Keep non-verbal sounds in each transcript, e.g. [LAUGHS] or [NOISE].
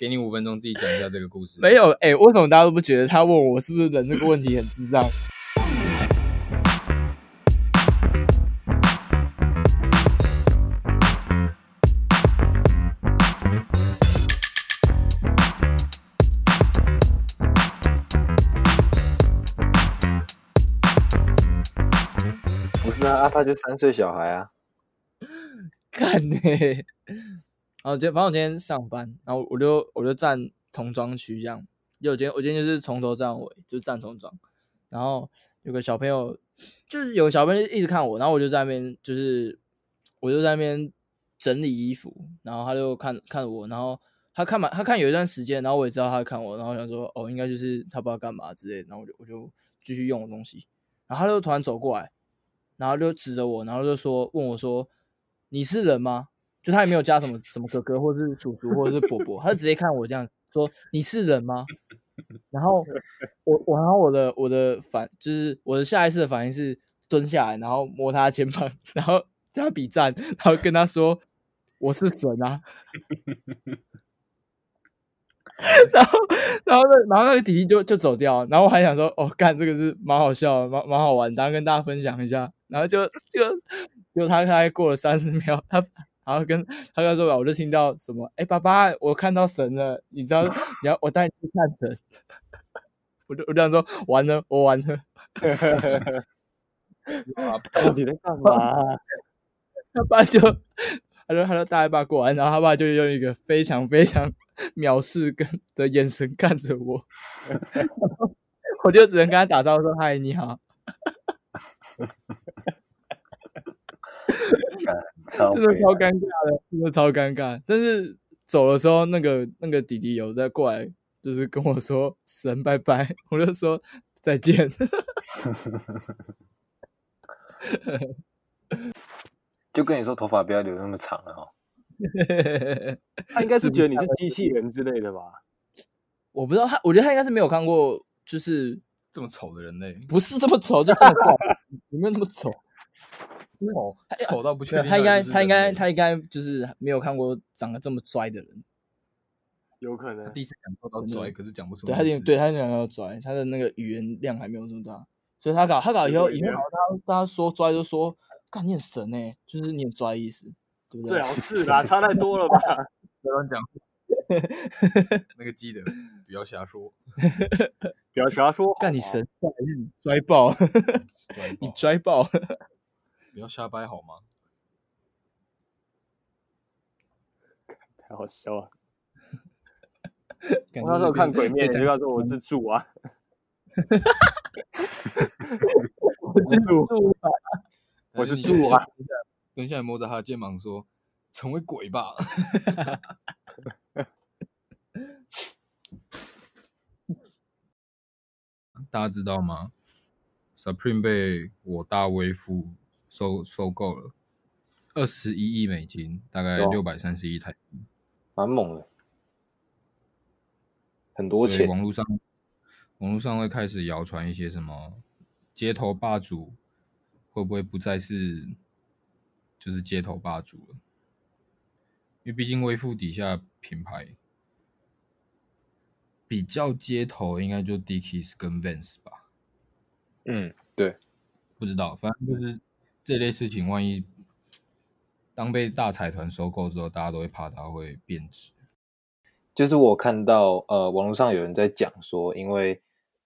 給你五分鐘，自己講一下這個故事。沒有，哎、欸，為什麼大家都不覺得他問我是不是人這個問題很智障。 [LAUGHS] 不是啊，阿爸就三歲小孩啊，看你 [LAUGHS] 然後今天，反正我今天上班，然後我就我就站童裝區這樣，因為我今天我今天就是從頭站尾，就站童裝。然後有個小朋友，就是有個小朋友一直看我，然後我就在那邊就是我就在那邊整理衣服，然後他就看看我，然後他看嘛，他看有一段時間，然後我也知道他看我，然後我想說哦，應該就是他不知道幹嘛之類的，然後我就我就繼續用的東西，然後他就突然走過來，然後就指着我，然後就說問我說你是人嗎？就他也沒有加什麼什麼哥哥或者是叔叔或者是伯伯，他就直接看我這樣說，你是人嗎？然後我我然後我的我的反就是我的下意識的反應是蹲下來，然後摸他肩膀，然後跟他比讚，然後跟他說我是神啊。然，然後然後那然後那個弟弟就就走掉，然後我還想說哦，幹這個是蠻好笑，蠻蠻好玩，然後跟大家分享一下，然後就就就他他過了三十秒，他。然後跟他跟他說吧，我就聽到什麼，哎，爸爸，我看到神了，你知道，你要我帶你去看神，我就 [LAUGHS] 我就想說，完了，我完了。 [LAUGHS] 爸爸，你在幹嘛？他爸就他說，他說，大爺爸過完，然後他爸就用一個非常非常藐視跟的眼神看着我， [LAUGHS] 我就只能跟他打招呼說， [LAUGHS] 嗨，你好。 [LAUGHS] 真的超尷尬的，真的超尷尬。但是走的時候，那個那個弟弟有在過來，就是跟我說“神拜拜”，我就說再見。 [LAUGHS] [LAUGHS] 就跟你說，頭髮不要留那麼長了、哦、哈。 [LAUGHS] 他應該是覺得你是機器人之類的吧？ [LAUGHS] 我不知道他，我覺得他應該是沒有看過，就是這麼醜的人類。不是這麼醜，就這麼醜， [LAUGHS] 有沒有那麼醜？醜、哦、他到不去，他應該他應該他應該就是沒有看過長得這麼拽的人，有可能他第一次感受到拽。對可是講不出來。對，他對他拽，他的那個語言量還沒有這麼大，所以他搞他搞以後以後他他說拽就說，幹你很神呢。欸，就是你很拽的意思，對不對？最好是啊，差太多了吧？ [LAUGHS] 亂講， [LAUGHS] 那個記得不要瞎說，不要 [LAUGHS] 瞎說。幹你神。啊，還是你拽爆，你拽爆。不要瞎掰好嗎？太好笑了！ [LAUGHS] 我那時候看鬼面，你 [LAUGHS] 就告訴我我是柱啊！ [LAUGHS] [LAUGHS] 我，是啊我是柱啊！是我是柱啊！等一下，摸着他的肩膀說：“成為鬼吧！”大家知道嗎？Supreme 被我大威夫。收收購了二十一億美金，大概六百三十億台金，蠻、哦、猛的，很多錢。網絡上，網絡上會開始謠傳一些什麼街頭霸主會不會不再是就是街頭霸主了？因為畢竟威富底下品牌比較街頭，應該就 Dickies 跟 Vans 吧。嗯，對，不知道，反正就是。這類事情，萬一當被大財團收購之後，大家都會怕它會變質。就是我看到呃，網絡上有人在講說，因為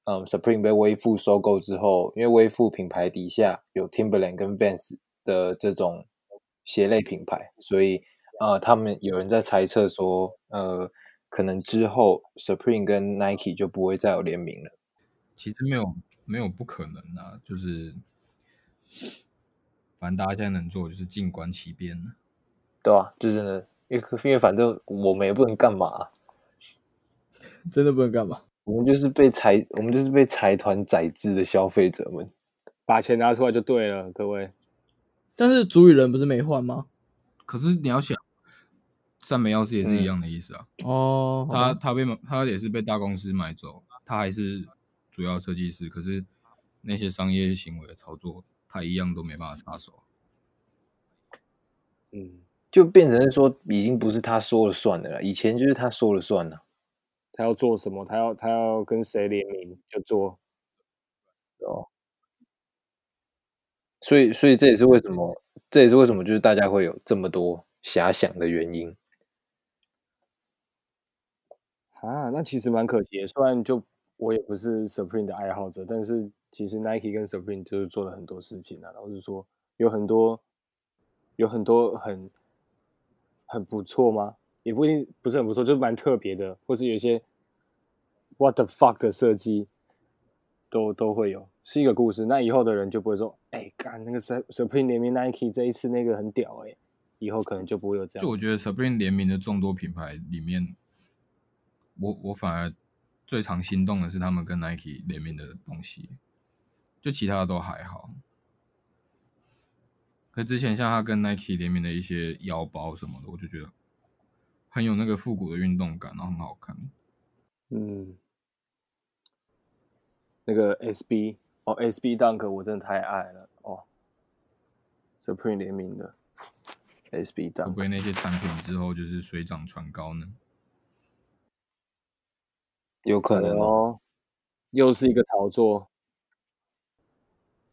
嗯、呃、，Supreme 被威富收購之後，因為威富品牌底下有 Timberland 跟 Vans 的這種鞋類品牌，所以、呃、他們有人在猜測說，呃，可能之後 Supreme 跟 Nike 就不會再有聯名了。其實沒有沒有不可能啊，就是。反正大家現在能做的就是靜觀其變，對吧？啊。就是的，因為因為反正我們也不能幹嘛，啊，真的不能幹嘛我。我們就是被財，我們就是被財團宰制的消費者們，把錢拿出來就對了，各位。但是主理人不是沒換嗎？可是你要想，三美藥師也是一樣的意思啊。哦、嗯 oh, okay.，他他被他也是被大公司買走，他還是主要設計師，可是那些商業行為的操作。他一樣都沒辦法插手，嗯，就變成說已經不是他說了算的了，以前就是他說了算的，他要做什麼，他要他要跟誰聯名就做，哦，所以所以這也是為什麼、嗯、這也是為什麼就是大家會有這麼多遐想的原因啊，那其實蠻可惜的，雖然就我也不是 Supreme 的愛好者，但是。其實 Nike 跟 Supreme 就是做了很多事情啊，然後是說有很多，有很多很很不錯嗎？也不一定，不是很不錯，就是蠻特別的，或是有一些 What the fuck 的設計都都會有，是一個故事。那以後的人就不會說，哎、欸，幹那個 Sup Supreme 聯名 Nike 這一次那個很屌哎、欸，以後可能就不會有這樣。就我覺得 Supreme 聯名的眾多品牌裡面，我我反而最常心動的是他們跟 Nike 聯名的東西。就其他的都還好，可之前像他跟 Nike 聯名的一些腰包什麼的，我就覺得很有那個復古的運動感，啊，然後很好看。嗯，那個 S B 哦，S B Dunk 我真的太愛了哦，Supreme 聯名的 SB S B Dunk。會不會那些產品之後就是水漲船高呢？有可能哦，又是一個炒作。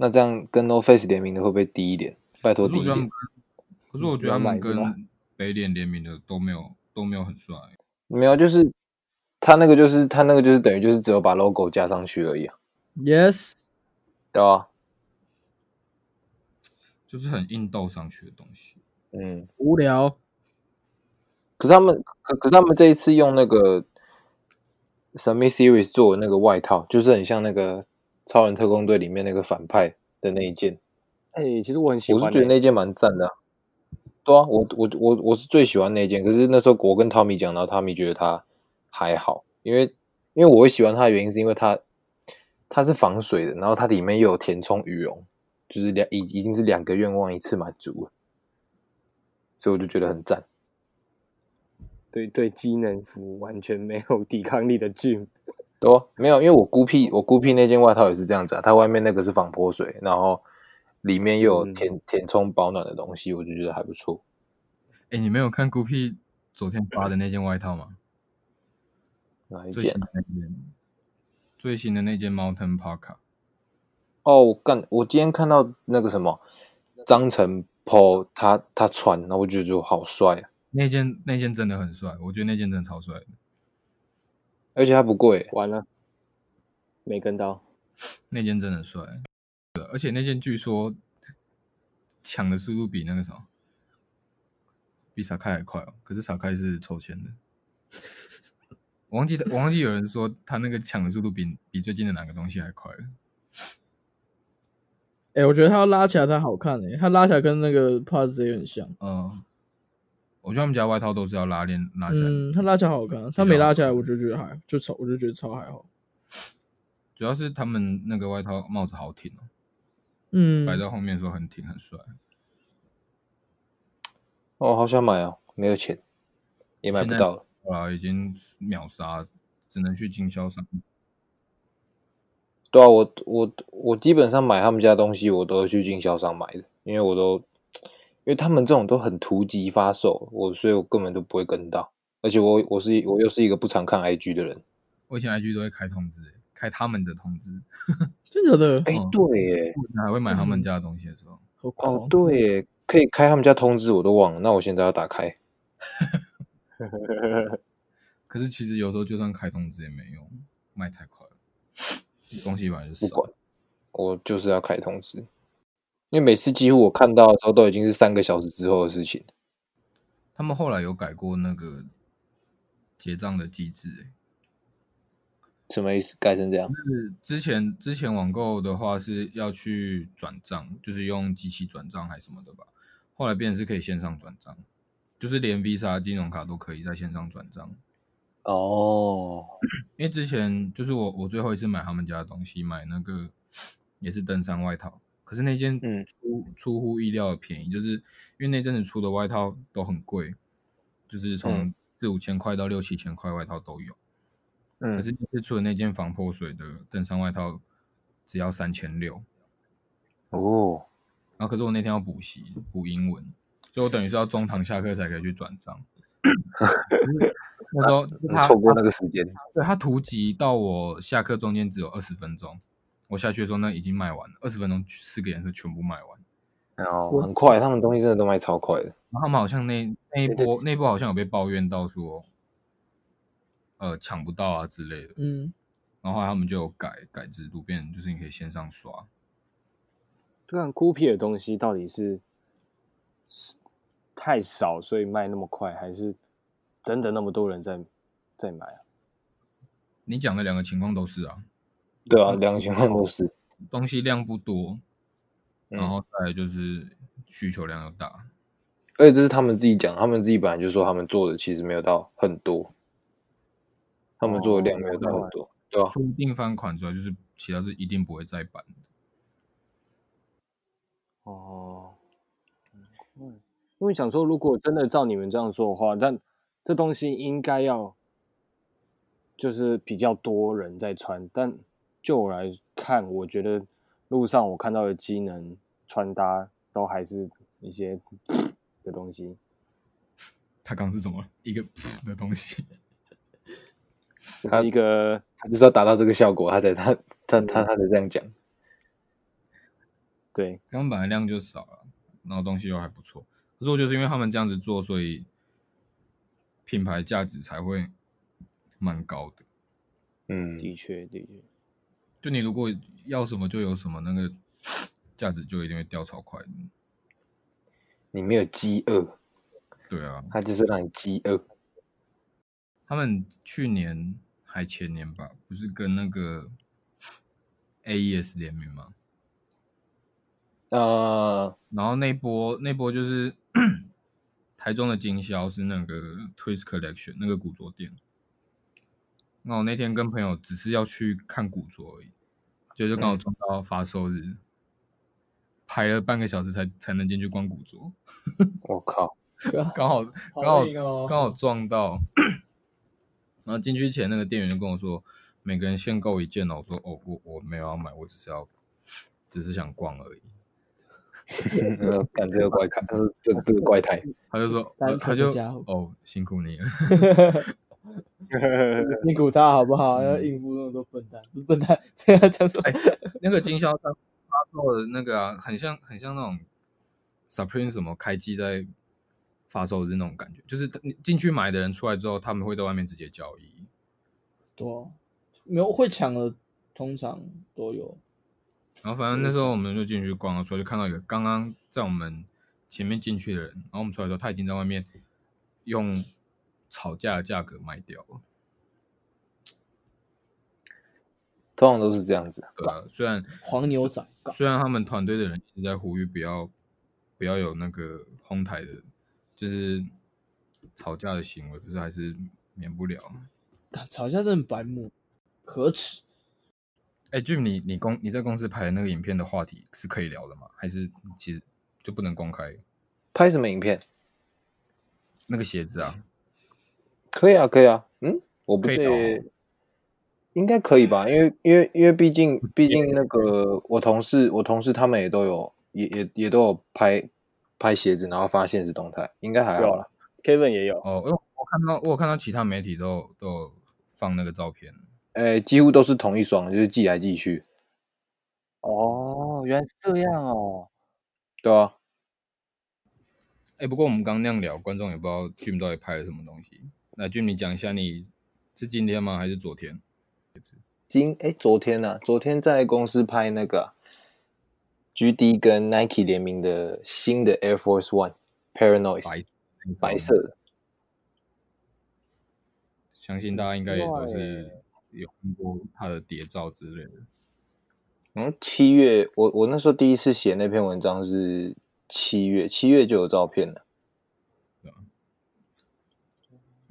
那這樣跟 No Face 聯名的會不會低一點？拜託低一點可，可是我覺得他們跟北臉聯名的都沒有都沒有很帥、欸，沒有、嗯、就是他那個就是他那個就是等於就是只有把 logo 加上去而已 Yes，對啊吧，就是很硬鬥上去的東西。嗯，無聊。可是他們可可是他們這一次用那個 Summit Series 做的那個外套，就是很像那個。超人特工隊裡面那個反派的那一件，哎、欸，其實我很喜歡、欸。我是覺得那件蠻贊的，對啊，我我我我是最喜歡那一件。可是那時候我跟湯米講，然後湯米覺得他還好，因為因為我喜歡它的原因是因為它它是防水的，然後它裡面又有填充羽絨，就是兩已已經是兩個願望一次滿足了，所以我就覺得很贊。對，對對，機能服完全沒有抵抗力的 Jim。都沒有，因為我孤僻，我孤僻那件外套也是這樣子啊，它外面那個是防潑水，然後裡面又有填填充保暖的東西，我就覺得還不錯。哎、嗯欸，你沒有看孤僻昨天發的那件外套嗎？哪一件？最新的那件，啊、最新的那件 Mountain Parka 哦，我幹，我今天看到那個什麼張晨 Paul 他他穿，那我覺得就好帥、啊、那件那件真的很帥，我覺得那件真的超帥。而且它不貴，完了，沒跟到。那件真的很帥，而且那件據說搶的速度比那個什麼比 sacai 還快哦。可是 sacai 是抽籤的， [LAUGHS] 我忘記，我忘記有人說他那個搶的速度比比最近的哪個東西還快了。欸，我覺得他要拉起來才好看哎，他拉起來跟那個帕子有點像，嗯。我覺得他們家外套都是要拉鏈拉起來，嗯，它拉起來好看，它沒拉起來，我就覺得還就超，我就覺得超還好。主要是他們那個外套帽子好挺哦，嗯，擺在後面的時候很挺很帥。哦，好想買哦，沒有錢也買不到了，啊，已經秒殺，只能去經銷商。對啊，我我我基本上買他們家東西，我都去經銷商買的，因為我都。因為他們這種都很突擊發售，我所以，我根本都不會跟到。而且我我是我又是一個不常看 IG 的人，我以前 IG 都會開通知，開他們的通知， [LAUGHS] 真的的。哎，對，哎，還會買他們家的東西的是吧？好好哦，對耶，可以開他們家通知，我都忘了。那我現在要打開。 [LAUGHS] [LAUGHS] 可是其實有時候就算開通知也沒用，賣太快了，東西本來就是不管，我就是要開通知。因為每次幾乎我看到的時候，都已經是三個小時之後的事情。他們後來有改過那個結賬的機制，欸，什麼意思？改成這樣？是之前之前網購的話是要去轉賬，就是用機器轉賬還是什麼的吧？後來變成是可以線上轉賬，就是連 Visa 金融卡都可以在線上轉賬。哦，oh. 因為之前就是我我最後一次買他們家的東西，買那個也是登山外套。可是那件出、嗯、出乎意料的便宜，就是因為那陣子出的外套都很貴，就是從四五千塊到六七千塊外套都有。嗯、可是日出的那次出的那件防潑水的登山外套只要三千六。哦，然後、啊、可是我那天要補習補英文，就我等於是要中堂下課才可以去轉賬。 [LAUGHS] 那時候錯、啊、過那個時間，他圖集到我下課中間只有二十分鐘。我下去的時候，那已經賣完了，二十分鐘四個顏色全部賣完，然後很快，他們東西真的都賣超快的。他們好像那那一波，那一波好像有被抱怨到說，呃，搶不到啊之類的。嗯，然後後來他們就有改改制度，變成就是你可以線上刷。就像孤僻的東西到底是是太少，所以賣那麼快，還是真的那麼多人在在買啊？你講的兩個情況都是啊。對啊，兩個情況都是。東西量不多，嗯、然後再來就是需求量又大，而且這是他們自己講。他們自己本來就說他們做的其實沒有到很多，他們做的量沒有到很多，哦、對吧、啊？出定番款主要就是，其他是一定不會再版哦，嗯，因為想說，如果真的照你們這樣說的話，但這東西應該要就是比較多人在穿，但。就我來看，我覺得路上我看到的機能穿搭都還是一些的東西。他剛是怎麼一個的東西？他 [LAUGHS] 一個，他，他就是要達到這個效果，他在他他他他才這樣講。對，剛本來量就少了，然後東西又還不錯。可是，就是因為他們這樣子做，所以品牌價值才會蠻高的。嗯，的確，的確。就你如果要什麼就有什麼，那個價值就一定會掉超快。你沒有飢餓，對啊，它就是讓你飢餓。他們去年還前年吧，不是跟那個 AES 聯名嗎？呃、uh，然後那波那波就是 [COUGHS] 台中的經銷是那個 Twist Collection 那個古着店。那我那天跟朋友只是要去看古着而已，就就剛好撞到發售日，嗯、排了半個小時才才能進去逛古着。我、哦、靠！剛好 [LAUGHS] 剛好、好、哦、剛好撞到。 [COUGHS] 然後進去前，那個店員就跟我說：“每個人限購一件。”我說：“哦，我我沒有要買，我只是要只是想逛而已。 [LAUGHS] ”幹這個怪，幹 [LAUGHS] 這這個怪胎。他就說：“呃、他就哦，辛苦你了。” [LAUGHS] [LAUGHS] 辛苦他好不好？要、嗯、應付那麼多笨蛋，笨蛋這樣講說，那個經銷商發售的那個、啊、很像很像那種 Supreme 什麼開機在發售的那種感覺，就是你進去買的人出來之後，他們會在外面直接交易。對、啊、沒有會搶的，通常都有。然後反正那時候我們就進去逛了，出來就看到一個剛剛在我們前面進去的人，然後我們出來的時候，他已經在外面用炒價的價格賣掉了，通常都是這樣子。啊、吧雖然黃牛仔，雖然他們團隊的人一直在呼籲不要不要有那個哄抬的，就是炒價的行為，可是還是免不了。炒價真的很白目，可恥。哎、欸、，Jim，你你公你在公司拍的那個影片的話題是可以聊的嗎？還是其實就不能公開？拍什麼影片？那個鞋子啊。 [LAUGHS] 可以啊，可以啊，嗯，我不介，哦、應該可以吧？因為因為因為畢竟畢竟那個我同事我同事他們也都有也也也都有拍拍鞋子，然後發限時動態，應該還好啦。Kevin 也有哦，我我看到我有看到其他媒體都都放那個照片，哎、欸，幾乎都是同一雙，就是寄來寄去。哦，原來是這樣哦。對啊。哎、欸，不過我們剛剛那樣聊，觀眾也不知道 Jim 到底拍了什麼東西。那俊，你講一下，你是今天嗎？還是昨天？今。哎，昨天呢、啊？昨天在公司拍那個 GD 跟 Nike 聯名的新的 Air Force One Paranoid 白，白色的，白色的，相信大家應該也都是有很多他的諜照之類的。Right. 嗯，七月，我我那時候第一次寫那篇文章是七月，七月就有照片了。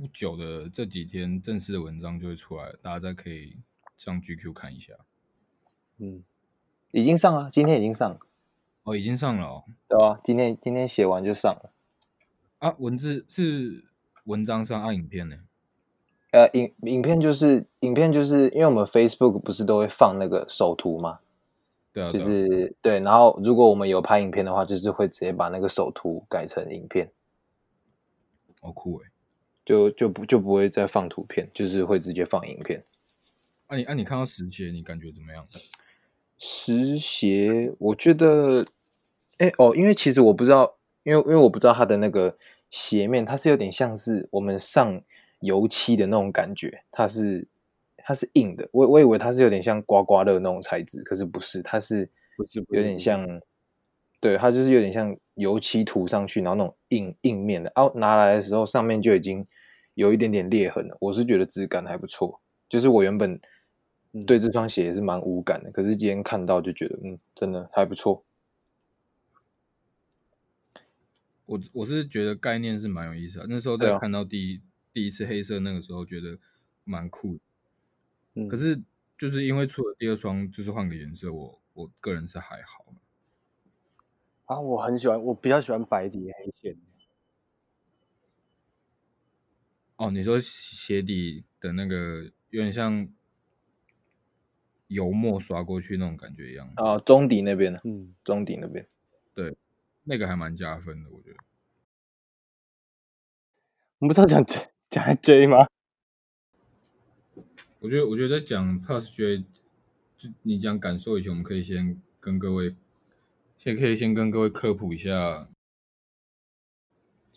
不久的這幾天，正式的文章就會出來，大家再可以上 GQ 看一下。嗯，已經上了，今天已經上了。哦，已經上了哦。對啊，今天今天寫完就上了。啊，文字是文章上，按、啊、影片呢？呃，影影片就是影片，就是因為我們 Facebook 不是都會放那個首圖嘛？對啊。就是對、啊、對，然後如果我們有拍影片的話，就是會直接把那個首圖改成影片。好酷哎！就就不就不會再放圖片，就是會直接放影片。啊，你啊，你看到實鞋，你感覺怎麼樣？實鞋，我覺得，哎、欸、哦，因為其實我不知道，因為因為我不知道它的那個鞋面，它是有點像是我們上油漆的那種感覺，它是它是硬的。我我以為它是有點像刮刮樂那種材質，可是不是，它是是有點像，對，它就是有點像油漆塗上去，然後那種硬硬面的。然後，啊，拿來的時候，上面就已經。有一點點裂痕的，我是覺得質感還不錯。就是我原本對這雙鞋也是蠻無感的，嗯、可是今天看到就覺得，嗯，真的還不錯。我我是覺得概念是蠻有意思的。那時候在看到第一、哎、喲第一次黑色那個時候，覺得蠻酷的。嗯、可是就是因為出了第二雙，就是換個顏色，我我個人是還好。啊，我很喜歡，我比較喜歡白底黑線。哦，你說鞋底的那個有點像油墨刷過去那種感覺一樣啊，中底那邊的，嗯，中底那邊，嗯、那邊對，那個還蠻加分的，我覺得。我們不是要講 J 講 J 嗎？我覺得，我覺得在講 Plus J，就你講感受以前，我們可以先跟各位，現在可以先跟各位科普一下。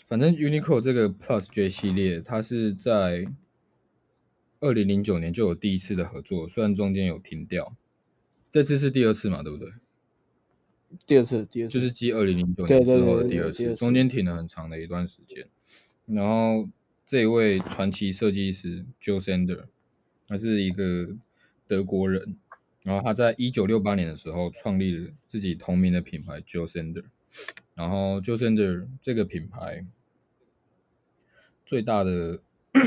反正 Uniqlo 這個 Plus J 系列，它是在二零零九年就有第一次的合作，雖然中間有停掉，這次是第二次嘛，對不對？第二次，第二次就是繼二零零九年之後的第二次，第二次中間停了很長的一段時間。然後這一位傳奇設計師 Jil Sander，他是一個德國人，然後他在一九六八年的時候創立了自己同名的品牌 Jil Sander。然後，Jil Sander 這個品牌最大的， [COUGHS]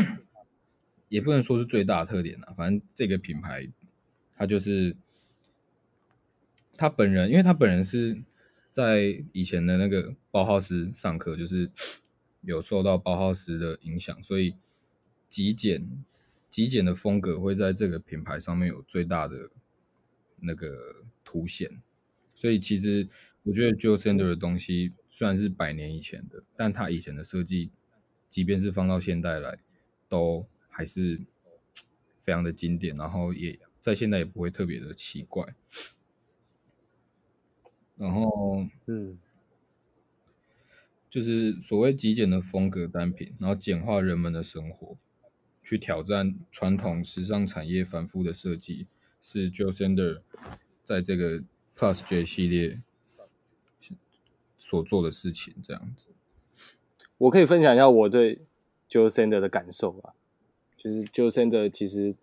也不能說是最大的特點了。反正這個品牌，它就是他本人，因為他本人是在以前的那個包浩斯上課，就是有受到包浩斯的影響，所以極簡、極簡的風格會在這個品牌上面有最大的那個凸顯。所以其實。我覺得 Jil Sander 的東西雖然是百年以前的，但他以前的設計，即便是放到現代來，都還是非常的經典，然後也在現代也不會特別的奇怪。然後，嗯是，就是所謂極簡的風格單品，然後簡化人們的生活，去挑戰傳統時尚產業繁複的設計，是 Jil Sander 在這個 Plus J 系列所做的事情這樣子，我可以分享一下我對 Jil Sander 的感受吧。就是 Jil Sander 其實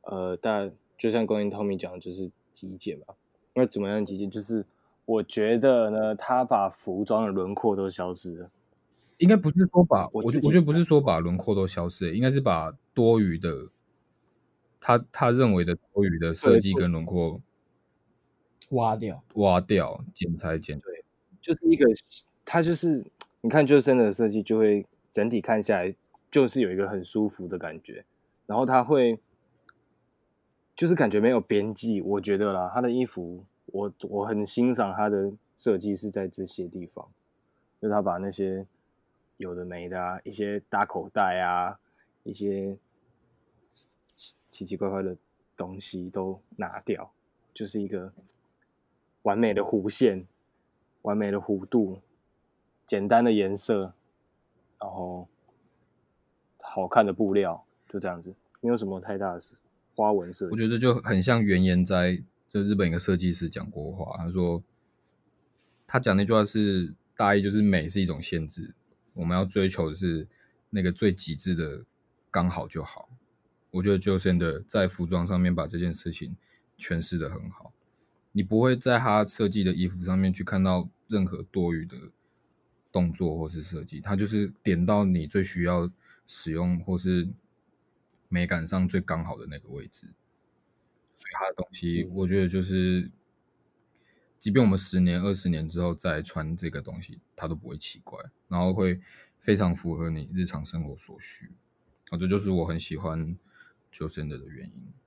呃，但就像 Tommy 講的，就是極簡吧,那怎麼樣極簡？就是我覺得呢，他把服裝的輪廓，廓都消失了。應該不是說把，我覺我覺得不是說把輪廓都消失，應該是把多餘的他他認為的多餘的設計跟輪廓對對對挖掉，挖掉剪裁剪裁。就是一個，它就是你看，就是真的設計就會整體看下來，就是有一個很舒服的感覺。然後它會就是感覺沒有邊際，我覺得啦，他的衣服，我我很欣賞他的設計是在這些地方，就他把那些有的沒的啊，一些大口袋啊，一些奇奇奇怪怪的東西都拿掉，就是一個完美的弧線。完美的弧度，簡單的顏色，然後好看的布料，就這樣子，沒有什麼太大的事。花紋設計，我覺得這就很像原研哉，就日本一個設計師講過話，他說他講那句話是大意就是美是一種限制，我們要追求的是那個最極致的剛好就好。我覺得就真的在服裝上面把這件事情詮釋得很好。你不會在他設計的衣服上面去看到任何多餘的動作或是設計，他就是點到你最需要使用或是美感上最剛好的那個位置，所以他的東西我覺得就是，嗯、即便我們十年、二十年之後再穿這個東西，它都不會奇怪，然後會非常符合你日常生活所需，啊、哦，這就是我很喜歡 Jil Sander 的原因。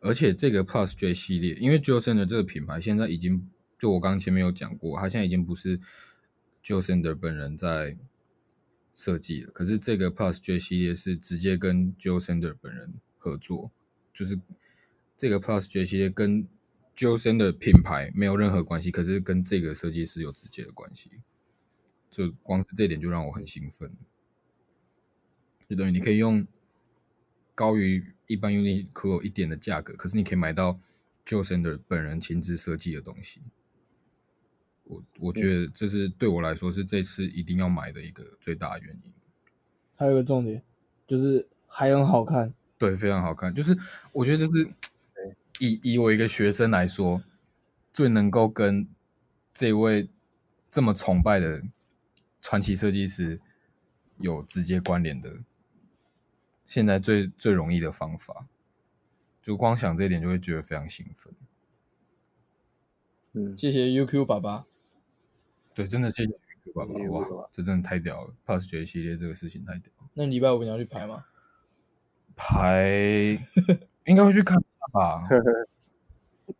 而且這個 Plus J 系列，因為 Jil Sander 這個品牌現在已經，就我剛前面有講過，他現在已經不是 Jil Sander 本人在設計了。可是這個 Plus J 系列是直接跟 Jil Sander 本人合作，就是這個 Plus J 系列跟 Jil Sander 的品牌沒有任何關係，可是跟這個設計師有直接的關係。就光是這點就讓我很興奮，就等於你可以用高於。一般用那可有一點的價格，嗯、可是你可以買到 Jil Sander 本人親自設計的東西。我我覺得這是對我來說是這次一定要買的一個最大原因。還有一個重點就是還很好看，對，非常好看。就是我覺得就是以以我一個學生來說，最能夠跟這位這麼崇拜的傳奇設計師有直接關聯的。現在最最容易的方法，就光想這一點就會覺得非常興奮。嗯，謝謝 UQ 爸爸。對，真的謝謝 UQ 爸爸。哇，這真的太屌了！Plus J 系列這個事情太屌。那禮拜五你要去排嗎？排，應該會去看吧。 [LAUGHS]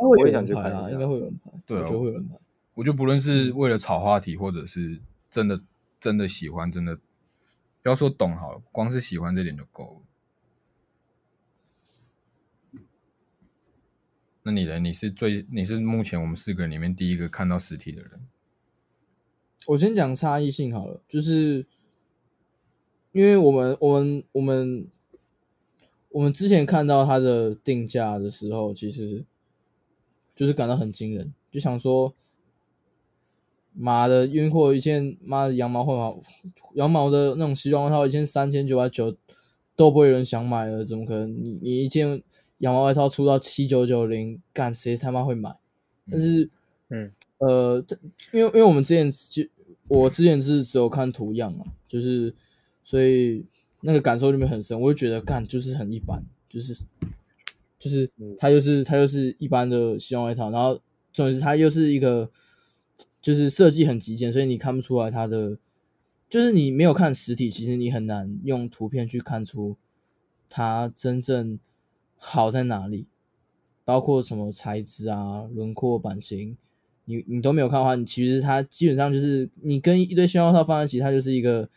我也會想去排啊，應該會有人排。對、哦，我就會有人排。我就不論是為了炒話題，或者是真的真的喜歡，真的。不要說懂好了，光是喜歡這點就夠了。那你呢？你是最，你是目前我們四個人裡面第一個看到實體的人。我先講差異性好了，就是因為我們、我們、我們、我們之前看到它的定價的時候，其實就是感到很驚人，就想說。媽的，因為會有一件，媽的羊毛混紡，羊毛的那種西裝外套，一件三千九百九，都不會有人想買了，怎麼可能？你你一件羊毛外套出到七九九零，幹誰他媽會買？嗯、但是，嗯，呃，因為因為我們之前就我之前是只有看圖樣嘛，就是所以那個感受裡面很深，我就覺得幹就是很一般，就是就是它就是、嗯、它就是一般的西裝外套，然後總之他它又是一個。就是設計很極簡，所以你看不出來它的，就是你沒有看實體，其實你很難用圖片去看出它真正好在哪裡，包括什麼材質啊、輪廓、版型，你你都沒有看的話，你其實它基本上就是你跟一堆消耗套放在一起，它就是一個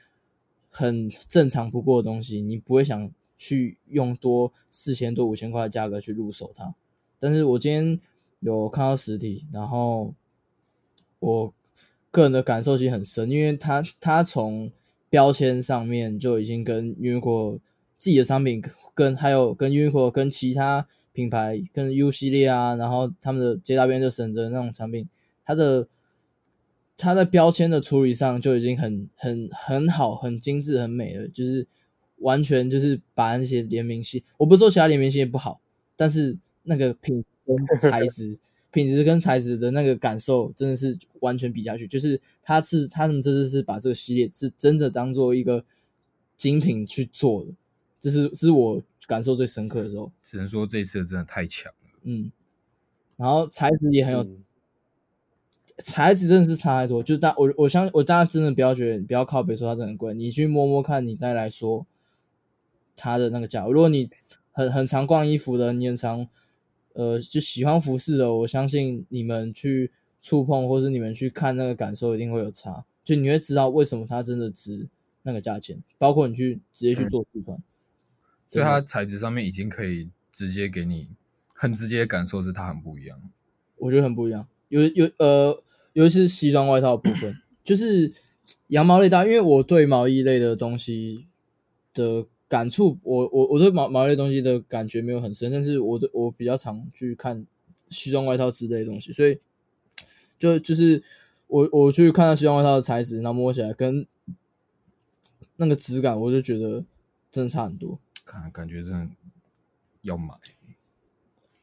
很正常不過的東西，你不會想去用多四千多五千塊的價格去入手它。但是我今天有看到實體，然後。我個人的感受其實很深，因為他他從標籤上面就已經跟 Uniqlo 自己的商品跟，跟還有跟 Uniqlo 跟其他品牌，跟 U 系列啊，然後他們的街道邊就選擇的那種產品，它的，它的標籤的處理上就已經很很很好，很精緻很美了，就是完全就是把那些聯名系，我不說其他聯名系也不好，但是那個品質材質。 [LAUGHS] 品質跟材質的那個感受真的是完全比下去，就是他是他們這次是把這個系列是真的當做一個精品去做的，這是是我感受最深刻的時候。只能說這次的真的太強了。嗯，然後材質也很有，嗯、材質真的是差太多。就大，我我相信我大家真的不要覺得不要靠北說它真的很貴，你去摸摸看，你再來說它的那個價格。如果你很很常逛衣服的，你很常。呃，就喜歡服飾的，我相信你們去觸碰或者你們去看那個感受，一定會有差，就你會知道為什麼它真的值那個價錢。包括你去直接去做試穿，嗯、對所以它材質上面已經可以直接給你很直接的感受，是它很不一樣。我覺得很不一樣，有有呃，尤其是西裝外套的部分，咳咳就是羊毛類搭，因為我對毛衣類的東西的。感觸我我我對毛毛類，類東西的感覺沒有很深，但是我的我比較常去看西裝外套之類的東西，所以就就是我我去看到西裝外套的材質，然後摸起來跟那個質感，我就覺得真的差很多。看，感覺真的要買，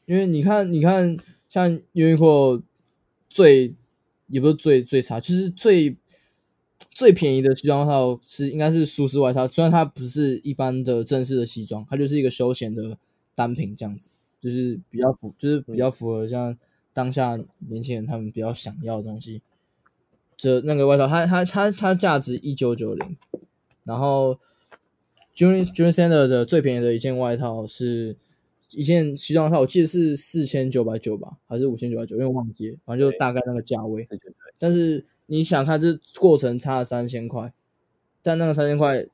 因為你看你看像優衣庫最也不是最最差，其實最。最便宜的西裝套是應該是舒適外套，雖然它不是一般的正式的西裝，它就是一個休閒的單品這樣子，就是比較符，就是比較符合像當下年輕人他們比較想要的東西。這那個外套，它它它它價值一九九零，然後 Jil Jil Sander 的最便宜的一件外套是一件西裝套，我記得是四千九百九吧，還是五千九百九，因為忘記了，反正就大概那個價位。對對對對但是。你想看這過程差了三千塊，但那個三千塊，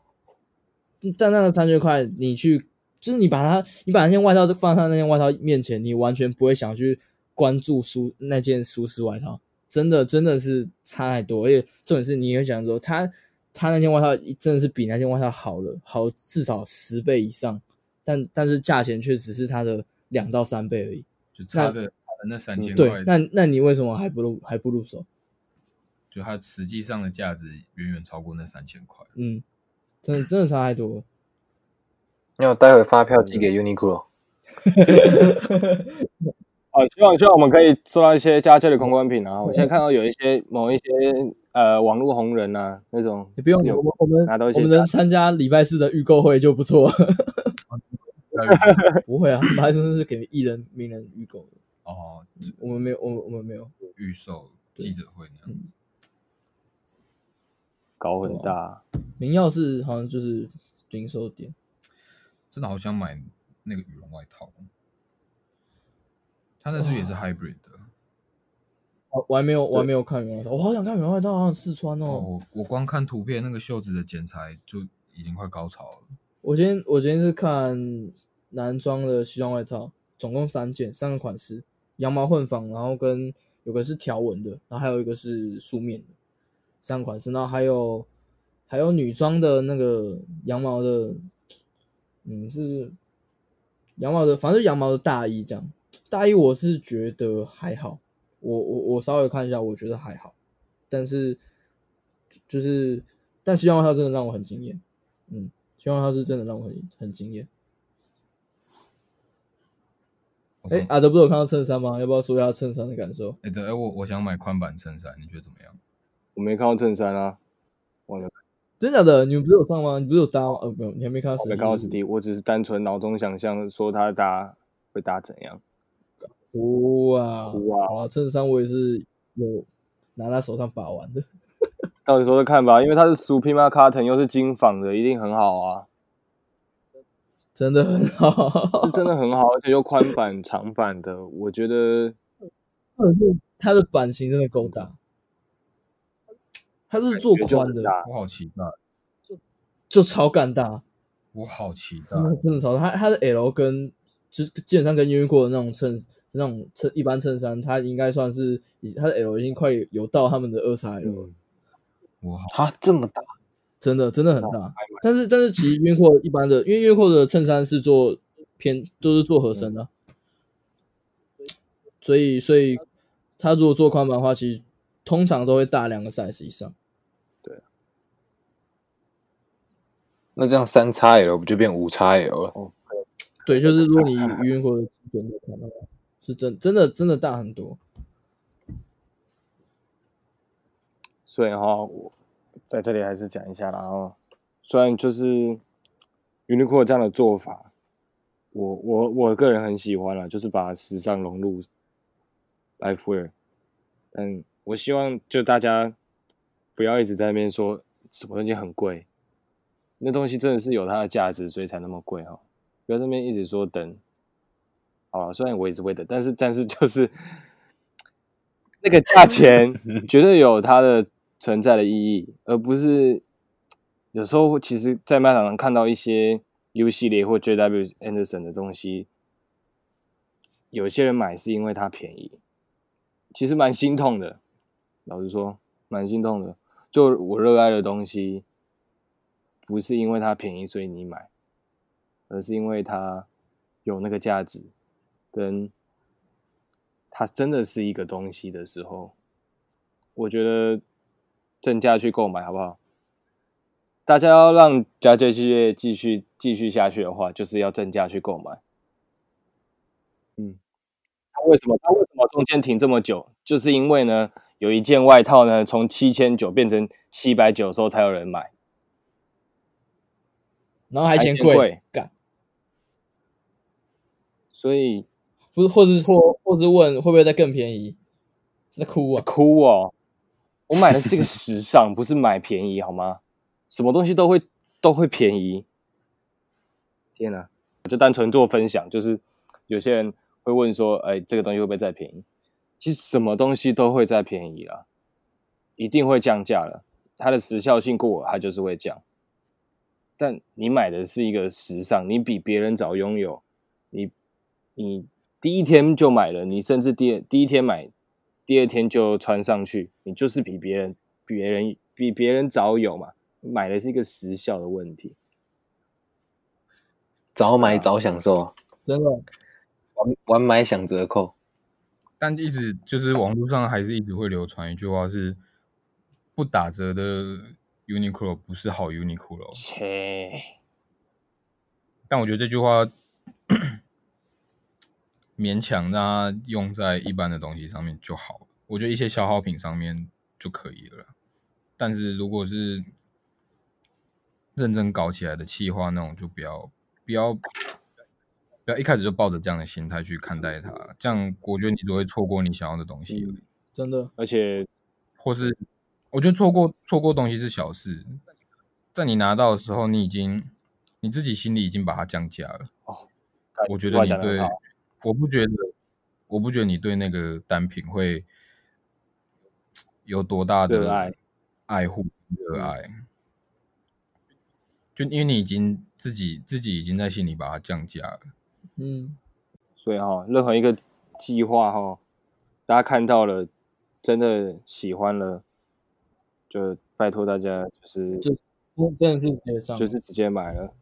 但那個三千塊，你去就是你把它，你把那件外套放在他那件外套面前，你完全不會想去關注舒那件舒適外套，真的真的是差太多。而且重點是，你會想說他，他他那件外套真的是比那件外套好了好至少十倍以上，但但是價錢卻只是他的兩到三倍而已，就差的差的那三千塊。對，那那你為什麼還不入還不入手？就它實際上的價值遠遠超過那三千塊。嗯，真的真的差太多。那我待會發票寄給 Uniqlo。好，希望希望我們可以收到一些家居的公關品啊！我現在看到有一些某一些呃網絡紅人啊那種，也不用，我們我們我們能參加禮拜四的預購會就不錯。不會啊，禮拜四是給藝人名人預購的。哦，我們沒有，我們我們沒有預售記者會那樣子。搞很大，明曜、哦、是好像就是零售店。真的好想買那個羽絨外套，他那是也是 hybrid 的。我、哦、我還沒有對我還沒有看羽絨外套，我、哦、好想看羽絨外套，好想試穿哦。哦，我我光看圖片，那個袖子的剪裁就已經快高潮了。我今天我今天是看男裝的西裝外套，總共三件，三個款式，羊毛混紡，然後跟有個是條紋的，然後還有一個是素面的。三款是，然後還有，還有女裝的那個羊毛的，嗯，是羊毛的，反正是羊毛的大衣這樣。大衣我是覺得還好，我我我稍微看一下，我覺得還好。但是就是，但希望它真的讓我很驚艷，嗯，希望它是真的讓我很很驚艷。哎說，欸、阿德不是有看到襯衫嗎？要不要說一下襯衫的感受？哎、欸，等下，我我想買寬版襯衫，你覺得怎麼樣？我沒看到襯衫啊，忘了。真假的，你們不是有上嗎？你不是有搭嗎？呃、啊、你還沒看到，沒看到實體，我只是單純腦中想象說他會搭會搭怎樣。嗚哇，襯哇、啊、衫我也是有拿在手上把玩的。到時候再看吧，因為它是 Supima Cotton 又是精紡的，一定很好啊。真的很好，是真的很好， [LAUGHS] 而且又寬版 [LAUGHS] 長版的，我覺得。或者是它的版型真的夠大。他是做寬的，我好奇怪，就就超幹大，我好期待，嗯，真的超大。他他的 L 跟就基本上跟優衣庫的那種襯那種襯一般襯衫，他應該算是以他的 L 已經快有，有到他們的二 XL 了。哇好，他這麼大，真的真的很大。但是但是其實優衣庫一般的，因為優衣庫的襯衫是做偏都、就是做合身的，啊嗯，所以所以他如果做寬版的話，其實。通常都會大兩個 size 以上，對。那這樣 3XL 不就變 5XL 了？Oh, okay. 對，就是如果你 Uniqlo 的尺寸，你是真的 [LAUGHS] 真的真的大很多。所以哈、哦，我在這裡還是講一下。然後，雖然就是 Uniqlo 這樣的做法，我我我個人很喜歡了，就是把時尚融入 Lifewear 但。我希望就大家不要一直在那邊說什麼東西很貴，那東西真的是有它的價值，所以才那麼貴哈、哦！不要在那邊一直說等。好了，雖然我也是會等，但是但是就是那個價錢絕對有它的存在的意義，而不是有時候其實在賣場上看到一些 U 系列或 JW Anderson 的東西，有些人買是因為它便宜，其實蠻心痛的。老實說，蠻心痛的。就我熱愛的東西，不是因為它便宜所以你買，而是因為它有那個價值，跟它真的是一個東西的時候，我覺得正價去購買好不好？大家要讓 +J 系列繼續繼續下去的話，就是要正價去購買。嗯，他為什麼？他為什麼中間停這麼久？就是因為呢。有一件外套呢，從七千九變成七百九的時候，才有人買，然後還嫌貴，貴幹所以不是，或是或或是問會不會再更便宜，那哭啊，哭哦！我買的是這個時尚，不是買便宜 [LAUGHS] 好嗎？什麼東西都會都會便宜。天哪、啊，就單純做分享，就是有些人會問說，哎、欸，這個東西會不會再便宜？其實什麼東西都會再便宜啦，一定會降價了。它的時效性過了，它就是會降。但你買的是一個時尚，你比別人早擁有，你你第一天就買了，你甚至第二第一天買，第二天就穿上去，你就是比別人別人比別人早有嘛。買的是一個時效的問題，早買早享受，啊，真的，晚晚買享折扣。但一直就是網絡上還是一直會流傳一句話是：不打折的 Uniqlo 不是好 Uniqlo。切！但我覺得這句話 [COUGHS] 勉強讓它用在一般的東西上面就好，我覺得一些消耗品上面就可以了。但是如果是認真搞起來的企劃那種，就不要不要，不要一開始就抱着這樣的心態去看待它，這樣我覺得你只會錯過你想要的東西，嗯。真的，而且或是我覺得錯過錯過東西是小事，在你拿到的時候，你已經你自己心裡已經把它降價了。哦，我覺得你對我，得我不覺得，我不覺得你對那個單品會有多大的愛愛護熱愛，愛就因為你已經自己自己已經在心裡把它降價了。嗯，所以哈、哦，任何一個計劃哈，大家看到了，真的喜歡了，就拜託大家就是就真的是直接上，就是直接買了，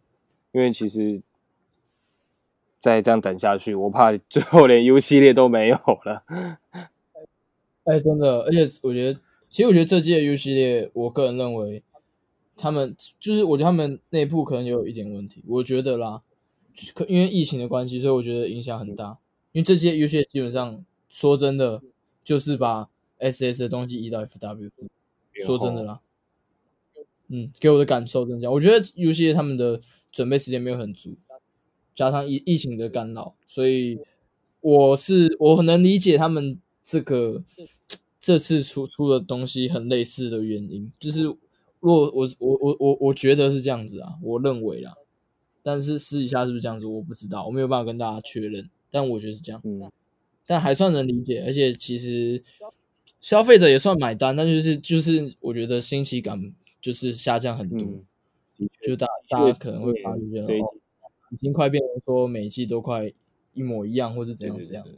因為其實再這樣等下去，我怕最後連 U 系列都沒有了。哎、欸，真的，而且我覺得，其實我覺得這屆 U 系列，我個人認為他們就是，我覺得他們內部可能也有一點問題，我覺得啦。可因為疫情的關係，所以我覺得影響很大。因為這些 UCA 基本上說真的，就是把 S S 的東西移到 F W，說真的啦。嗯，給我的感受，真講，我覺得 UCA 他們的準備時間沒有很足，加上疫疫情的干擾，所以我是我很能理解他們這個這次出出的東西很類似的原因。就是如果我我我我我覺得是這樣子啊，我認為啦。但是私底下是不是這樣子？我不知道，我沒有辦法跟大家確認。但我覺得是這樣。嗯。但還算能理解，而且其實消費者也算買單。但就是就是，我覺得新奇感就是下降很多。嗯。就大家大家可能會發現，然後已經快變成說每一季都快一模一樣，或是怎樣怎樣。對，對，對，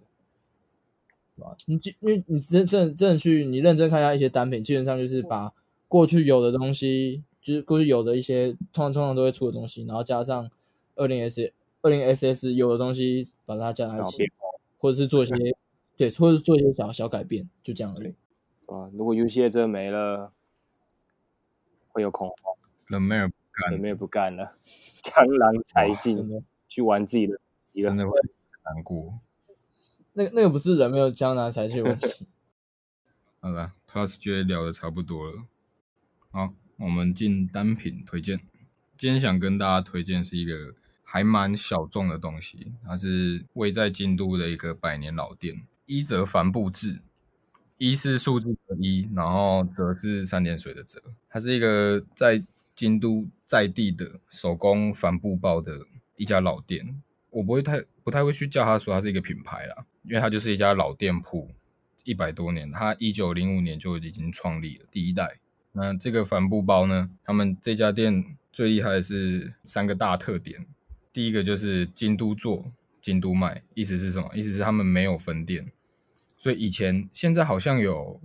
對。你記，因為你真真真的去，你認真看一下一些單品，基本上就是把過去有的東西，就是過去有的一些通常通常都會出的東西，然後加上。二零 S，二零 SS 有的東西把它加在一起，哦、或者是做一些 [LAUGHS] 對，或者是做一些小小改變，就這樣而已。啊、哦，如果 UCA 真的沒了，會有恐慌。人沒有，人沒有不幹了，江郎才盡，哦、去玩自己的一個人。真的會難過。那個那個不是人沒有，江郎才盡的問題。 [LAUGHS] 好 Plus 了，Plus 覺得聊的差不多了，好，我們進單品推薦。今天想跟大家推薦是一個還蠻小眾的東西，它是位在京都的一個百年老店，一則帆布制，一是數字的一，然後則是三點水的則，它是一個在京都在地的手工帆布包的一家老店。我不會太不太會去叫它說它是一個品牌了，因為它就是一家老店鋪，一百多年，它一九零五年就已經創立了第一代。那這個帆布包呢，他們這家店最厲害的是三個大特點。第一個就是京都做，京都賣，意思是什麼？意思是他們沒有分店，所以以前現在好像有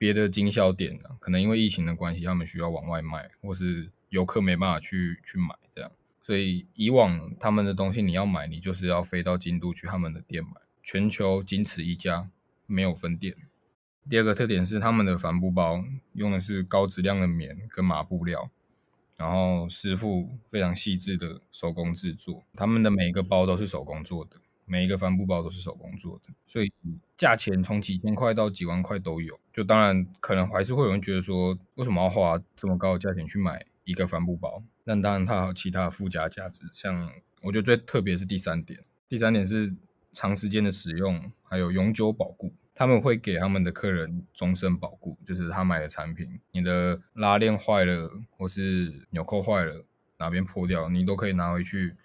別的經銷點了，可能因為疫情的關係，他們需要往外賣，或是遊客沒辦法去去買這樣，所以以往他們的東西你要買，你就是要飛到京都去他們的店買，全球僅此一家，沒有分店。第二個特點是他們的帆布包用的是高質量的棉跟麻布料。然後師傅非常細緻的手工制作，他們的每一個包都是手工做的，每一個帆布包都是手工做的，所以價錢從幾千塊到幾萬塊都有。就當然可能還是會有人覺得說，為什麼要花這麼高的價錢去買一個帆布包？但當然它還有其他附加價值，像我覺得最特別是第三點，第三點是長時間的使用還有永久保固。他們會給他們的客人終身保固，就是他買的產品，你的拉鏈壞了，或是紐扣壞了，哪邊破掉，你都可以拿回去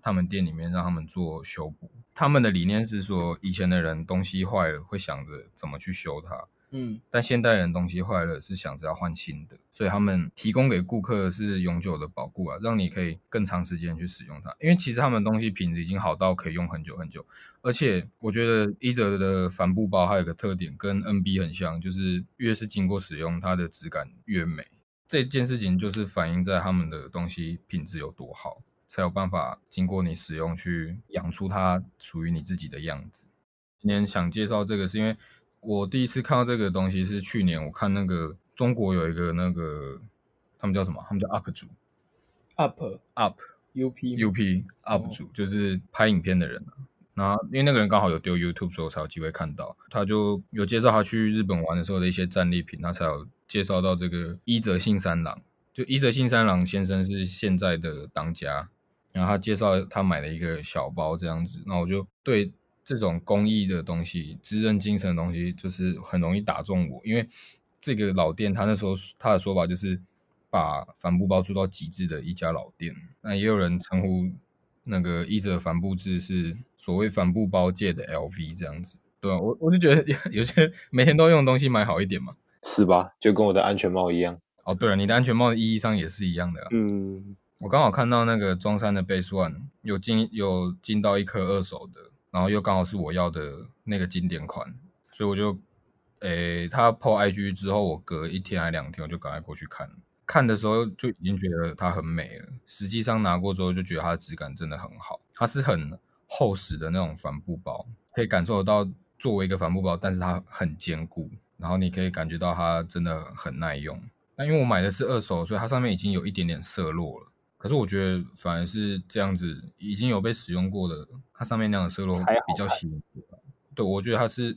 他們店裡面讓他們做修補。他們的理念是說，以前的人東西壞了會想着怎麼去修它，嗯，但現代人東西壞了是想着要換新的，所以他們提供給顧客是永久的保固啊，讓你可以更長時間去使用它，因為其實他們東西品質已經好到可以用很久很久。而且我覺得伊、e、澤的帆布包還有一個特點，跟 NB 很像，就是越是經過使用，它的質感越美。這件事情就是反映在他們的東西品質有多好，才有辦法經過你使用去養出它屬於你自己的樣子。今天想介紹這個是，是因為我第一次看到這個東西是去年，我看那個中國有一個那個他們叫什麼？他們叫 UP 主，UP UP UP UP UP、oh. 主就是拍影片的人、啊。啊，因為那個人剛好有丟 YouTube，所以我才有機會看到。他就有介紹他去日本玩的時候的一些戰利品，他才有介紹到這個一澤信三郎。就一澤信三郎先生是現在的當家，然後他介紹他買了一個小包這樣子。那我就對這種工藝的東西，職人精神的東西，就是很容易打中我，因為這個老店他那時候他的說法就是把帆布包做到極致的一家老店。那也有人稱呼。那個一澤帆布製是所謂帆布包界的 LV 這樣子，對啊，我我就覺得有些每天都用東西買好一點嘛，是吧？就跟我的安全帽一樣。哦，對了，你的安全帽意義上也是一樣的啊。嗯，我剛好看到那個中山的 Base One 有進有進到一顆二手的，然後又剛好是我要的那個經典款，所以我就誒、欸，他 PO IG 之後，我隔一天還兩天，我就趕快過去看了。看的時候就已經覺得它很美了，實際上拿過之後就覺得它的質感真的很好。它是很厚實的那種帆布包，可以感受得到作為一個帆布包，但是它很堅固，然後你可以感覺到它真的很耐用。那因為我買的是二手，所以它上面已經有一點點色落了。可是我覺得反而是這樣子，已經有被使用過的，它上面那樣的色落比較吸引我。對，我覺得它是，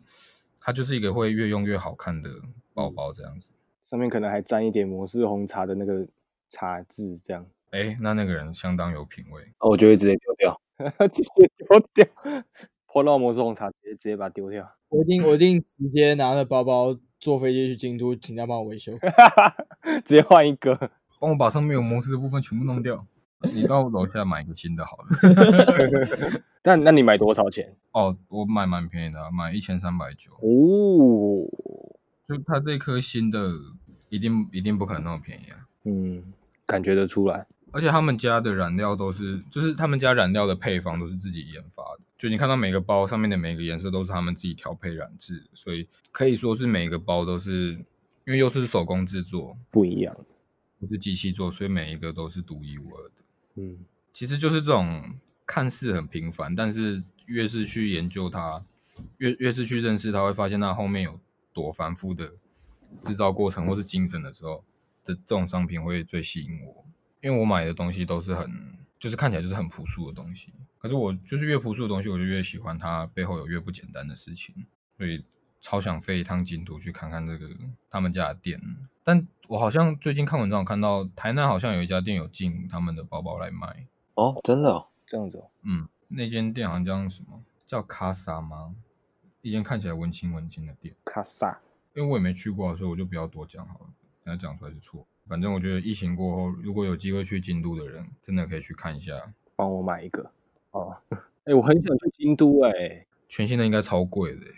它就是一個會越用越好看的包包，這樣子。嗯上面可能還沾一點摩斯紅茶的那個茶漬，這樣。哎、欸，那那個人相當有品味。哦，我就會直接丟掉， [LAUGHS] 直接丟掉，破到摩斯紅茶，直接，直接把它丟掉我。我一定我一定直接拿着包包坐飛機去京都，請他幫我維修， [LAUGHS] 直接換一個，幫我把上面有摩斯的部分全部弄掉。你到樓下買一個新的好了。那 [LAUGHS] [LAUGHS] [LAUGHS] 那你買多少錢？哦，我買蠻便宜的、啊，買一千三百九。哦。就他這顆新的，一定一定不可能那麼便宜啊！嗯，感覺得出來。而且他們家的染料都是，就是他們家染料的配方都是自己研發的。就你看到每個包上面的每個顏色都是他們自己調配染製，所以可以說是每個包都是，因為又是手工製作，不一樣，不是機器做，所以每一個都是獨一無二的。嗯，其實就是這種看似很平凡，但是越是去研究它，越越是去認識它，會發現它後面有。多繁複的製造過程或是精神的時候的這種商品會最吸引我，因為我買的東西都是很，就是看起來就是很樸素的東西。可是我就是越樸素的東西，我就越喜歡它背後有越不簡單的事情，所以超想飛一趟京都去看看這個他們家的店。但我好像最近看文章我看到台南好像有一家店有進他們的包包來賣。哦，真的哦，這樣子哦，嗯，那間店好像叫什麼叫卡薩嗎？一間看起來文青文青的店，卡薩煞，因為我也沒去過，所以我就不要多講好了。等下講出來是錯，反正我覺得疫情過後，如果有機會去京都的人，真的可以去看一下。幫我買一個哦，哎、欸，我很想去京都哎、欸，全新的應該超貴的、欸，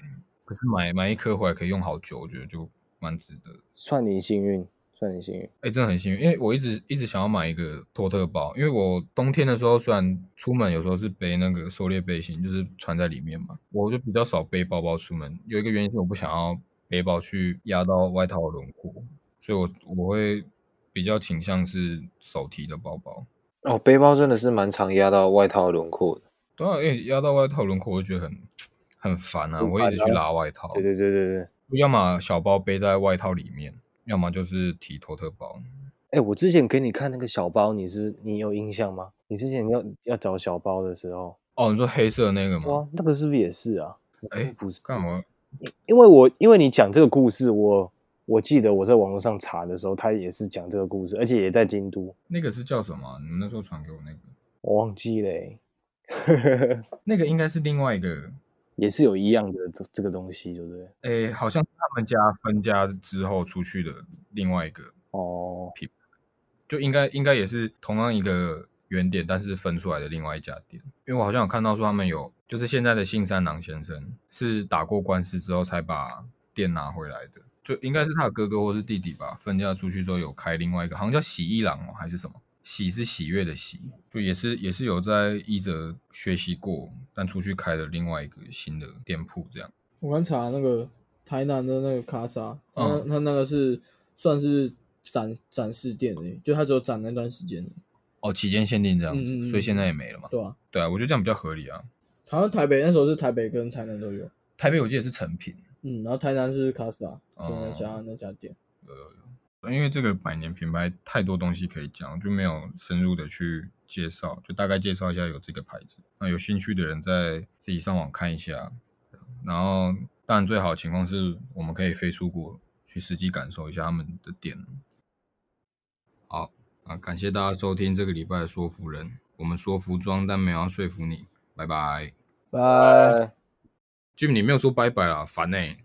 可是買買一顆回來可以用好久，我覺得就蠻值得。算你幸運。算很幸運，哎、欸，真的很幸運，因為我一直一直想要買一個托特包，因為我冬天的時候雖然出門有時候是背那個狩獵背心，就是穿在裡面嘛，我就比較少背包包出門。有一個原因是我不想要背包去壓到外套的輪廓，所以我我會比較傾向是手提的包包。哦，背包真的是蠻常壓到外套輪廓的，對啊，哎、欸，壓到外套輪廓我就覺得很很煩啊，我一直去拉外套。對，對對對對對，要麼小包背在外套裡面。要麼就是提托特包。哎、欸，我之前給你看那個小包，你是，是你有印象嗎？你之前要要找小包的時候，哦，你說黑色那個嗎？哇、哦，那個是不是也是啊？哎、欸，不是。幹嘛？因因為我因為你講這個故事，我我記得我在網絡上查的時候，他也是講這個故事，而且也在京都。那個是叫什麼？你們那時候傳給我那個，我忘記了、欸。 [LAUGHS] 那個應該是另外一個。也是有一樣的這這個東西，對不對？哎、欸，好像他們家分家之後出去的另外一個哦，品牌，oh. 就應該應該也是同樣一個原點，但是分出來的另外一家店。因為我好像有看到說他們有，就是現在的信三郎先生是打過官司之後才把店拿回來的，就應該是他哥哥或是弟弟吧？分家出去之後有開另外一個，好像叫喜一郎、哦、還是什麼？喜是喜悅的喜，就也是也是有在依澤學習過，但出去開了另外一個新的店鋪這樣。我剛查那個台南的那個卡莎，他、嗯、他那個是算是展展示店而已，就他只有展那段時間。哦，期間限定這樣子，嗯嗯嗯，所以現在也沒了嘛。對啊，對啊，我覺得這樣比較合理啊。好像台北那時候是台北跟台南都有，台北我記得是成品，嗯，然後台南是卡莎，就那家、嗯、那家那家店。有有有。因為這個百年品牌太多東西可以講，就沒有深入的去介紹，就大概介紹一下有這個牌子。那有興趣的人在自己上網看一下。然後，當然最好的情況是我們可以飛出國去實際感受一下他們的店。好啊，那感謝大家收聽這個禮拜的說服人。我們說服裝，但沒有要說服你。拜拜，拜 Bye.、啊。Jim，你沒有說拜拜啊，煩呢、欸。